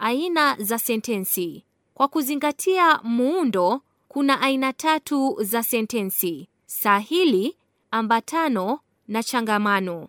Aina za sentensi. Kwa kuzingatia muundo, kuna aina tatu za sentensi: sahili, ambatano na changamano.